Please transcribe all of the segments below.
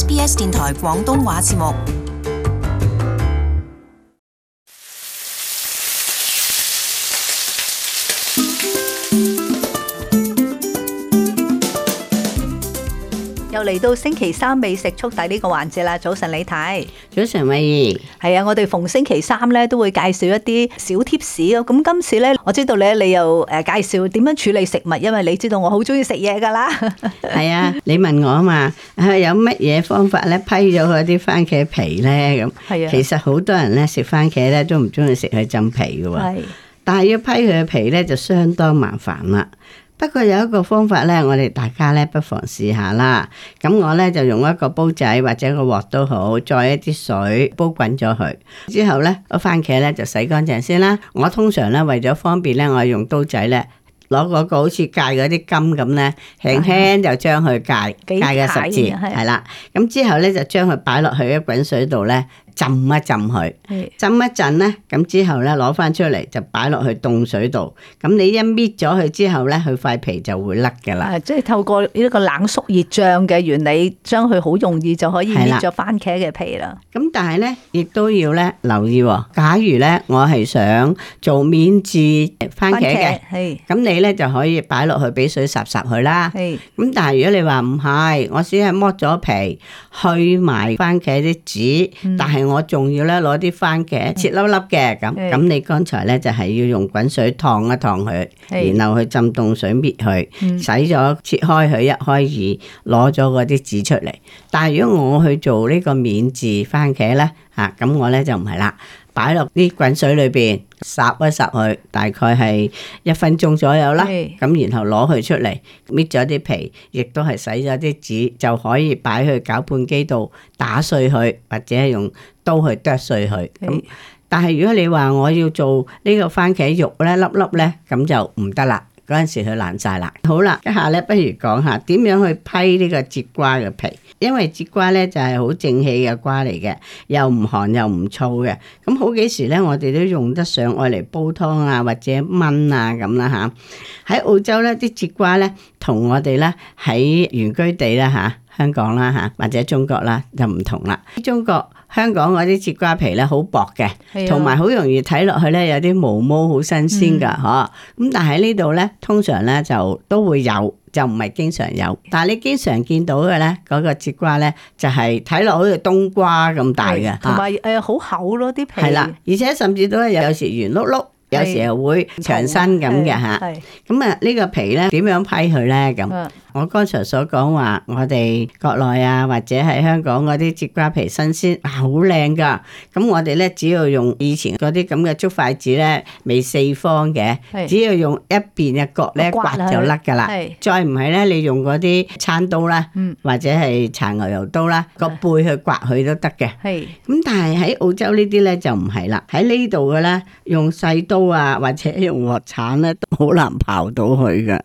SBS 電台廣東話節目。又嚟到星期三美食速遞呢個環節啦，早晨李太，早晨美儀，係啊，我哋逢星期三咧都會介紹一啲小貼士啊。咁、嗯、今次咧，我知道咧你，你又誒介紹點樣處理食物，因為你知道我好中意食嘢噶啦。係 啊，你問我啊嘛，有乜嘢方法咧批咗佢啲番茄皮咧咁？係、嗯、啊，其實好多人咧食番茄咧都唔中意食佢浸皮嘅喎，係是，但係要批佢嘅皮咧就相當麻煩啦。不過有一個方法咧，我哋大家咧不妨試下啦。咁我咧就用一個煲仔或者個鑊都好，再一啲水煲滾咗佢。之後咧，個番茄咧就洗乾淨先啦。我通常咧為咗方便咧，我用刀仔咧攞嗰個好似介嗰啲金咁咧，輕輕就將佢介介個十字係啦。咁的之後咧就將佢擺落去一滾水度咧。浸一浸佢，浸一陣咧，咁之後咧攞翻出嚟就擺落去凍水度。咁你一搣咗佢之後咧，佢塊皮就會甩噶啦。即係透過呢一個冷縮熱漲嘅原理，將佢好容易就可以搣咗番茄嘅皮啦。咁但係咧，亦都要咧留意。假如咧我係想做免治番茄嘅，咁你咧就可以擺落去俾水濕濕佢啦。咁但係如果你話唔係，我只係剝咗皮，去埋番茄啲籽，但係。我仲要咧攞啲番茄切粒粒嘅咁，咁你剛才咧就係、是、要用滾水燙一燙佢，是然後去浸凍水搣佢，嗯、洗咗切開佢一開二，攞咗嗰啲籽出嚟。但係如果我去做呢個免治番茄咧，吓、啊、咁我咧就唔係啦，擺落啲滾水裏邊，霎一霎佢，大概係一分鐘左右啦。咁是然後攞佢出嚟搣咗啲皮，亦都係洗咗啲籽，就可以擺去攪拌機度打碎佢，或者係用。都去剁碎佢咁，但係如果你話我要做呢個番茄肉咧粒粒咧，咁就唔得啦。嗰陣時佢爛晒啦。好啦，一下咧，不如講下點樣去批呢個節瓜嘅皮，因為節瓜咧就係好正氣嘅瓜嚟嘅，又唔寒又唔燥嘅。咁好幾時咧，我哋都用得上，愛嚟煲湯啊，或者炆啊咁啦吓。喺澳洲咧，啲節瓜咧同我哋咧喺原居地啦吓，香港啦吓或者中國啦就唔同啦。喺中國。香港嗰啲節瓜皮咧好薄嘅，同埋好容易睇落去咧有啲毛毛，好新鮮噶，嗬、嗯。咁、啊、但喺呢度咧，通常咧就都會有，就唔係經常有。但係你經常見到嘅咧，嗰、那個節瓜咧就係睇落好似冬瓜咁大嘅，同埋誒好厚咯啲皮。係啦，而且甚至都係有時圓碌碌，有時又會長身咁嘅嚇。咁啊，呢個皮咧點樣批佢咧咁？我剛才所講話，我哋國內啊，或者喺香港嗰啲節瓜皮新鮮，好靚噶。咁我哋咧，只要用以前嗰啲咁嘅竹筷子咧，未四方嘅，是只要用一邊嘅角咧，刮，刮就甩噶啦。是再唔係咧，你用嗰啲餐刀啦，是或者係殘牛油刀啦，個、嗯、背去刮佢都得嘅。咁是但係喺澳洲呢啲咧就唔係啦，喺呢度嘅咧用細刀啊，或者用鑊鏟咧，都好難刨到佢嘅。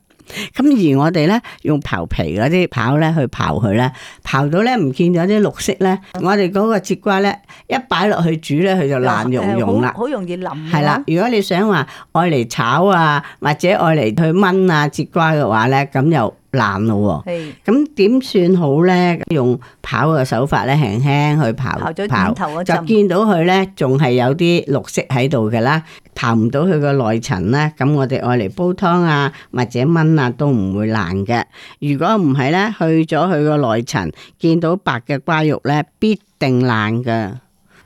咁而我哋咧用刨皮嗰啲刨咧去刨佢咧，刨到咧唔見咗啲綠色咧，嗯、我哋嗰個節瓜咧一擺落去煮咧，佢就爛溶溶啦，好容易腍。係啦，如果你想話愛嚟炒啊，或者愛嚟去炆啊節瓜嘅話咧，咁又。爛咯，咁點 Hey, 算好呢？用刨嘅手法咧，輕輕去刨，就見到佢呢，仲係有啲綠色喺度嘅啦。刨唔到佢個內層呢，咁我哋愛嚟煲湯啊，或者炆啊，都唔會爛嘅。如果唔係呢，去咗佢個內層，見到白嘅瓜肉呢，必定爛嘅。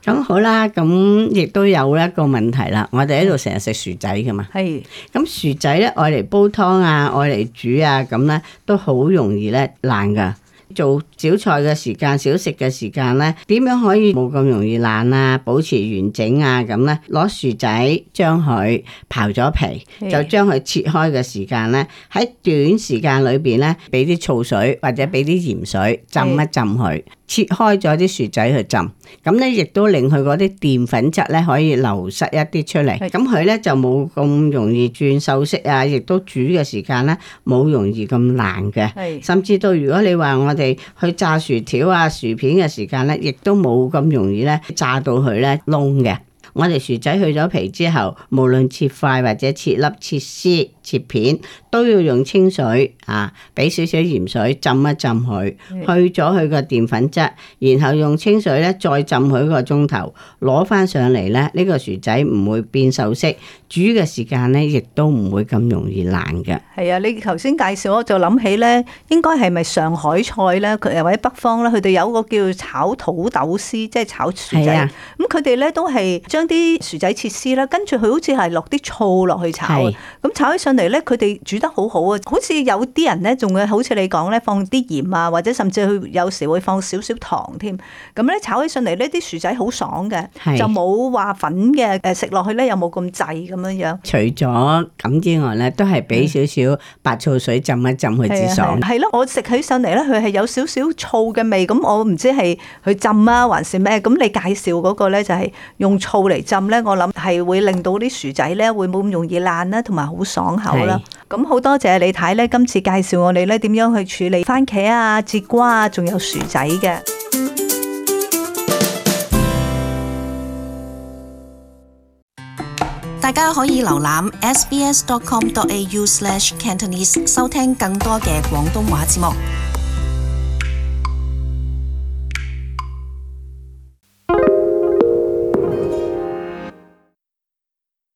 咁、嗯、好啦，咁、嗯、亦都有一個問題啦。我哋喺度成日食薯仔噶嘛，咁是、嗯、薯仔咧愛嚟煲湯啊，愛嚟煮啊，咁咧都好容易咧爛噶。做小菜嘅時間、小食嘅時間咧，點樣可以冇咁容易爛啊？保持完整啊？咁咧攞薯仔將佢刨咗皮，是就將佢切開嘅時間咧，喺短時間裏邊咧，俾啲醋水或者俾啲鹽水浸一浸佢。切開咗啲薯仔去浸，咁咧亦都令佢嗰啲澱粉質咧可以流失一啲出嚟，咁佢咧就冇咁容易轉鏽色啊，亦都煮嘅時間咧冇容易咁爛嘅，是甚至到如果你話我哋去炸薯條啊、薯片嘅時間咧，亦都冇咁容易咧炸到佢咧窿嘅。我哋薯仔去咗皮之後，無論切塊或者切粒、切絲。切片都要用清水啊，俾少少鹽水浸一浸佢，去咗佢個澱粉質，然後用清水咧再浸佢一個鐘頭，攞翻上嚟咧，呢、這個薯仔唔會變鏽色，煮嘅時間咧亦都唔會咁容易爛嘅。係啊，你頭先介紹我就諗起咧，應該係咪上海菜咧，又或者北方咧，佢哋有個叫炒土豆絲，即係炒薯仔。係啊，咁佢哋咧都係將啲薯仔切絲啦，跟住佢好似係落啲醋落去炒，咁是是炒起上嚟咧，佢哋煮得好好啊！好似有啲人咧，仲會好似你講咧，放啲鹽啊，或者甚至佢有時會放少少糖添。咁咧炒起上嚟呢啲薯仔好爽嘅，是就冇話粉嘅。誒食落去咧又冇咁滯咁樣樣。除咗咁之外咧，都係俾少少白醋水浸一浸是去之爽。係咯，我食起上嚟咧，佢係有少少醋嘅味。咁我唔知係佢浸啊，還是咩？咁你介紹嗰個咧，就係用醋嚟浸咧，我諗係會令到啲薯仔咧，會冇咁容易爛啦，同埋好爽。好啦，咁好多謝李太咧，今次介紹我哋咧點樣去處理番茄啊、節瓜啊，仲有薯仔嘅。大家可以瀏覽 sbs.com.au/cantonese 收聽更多嘅廣東話節目。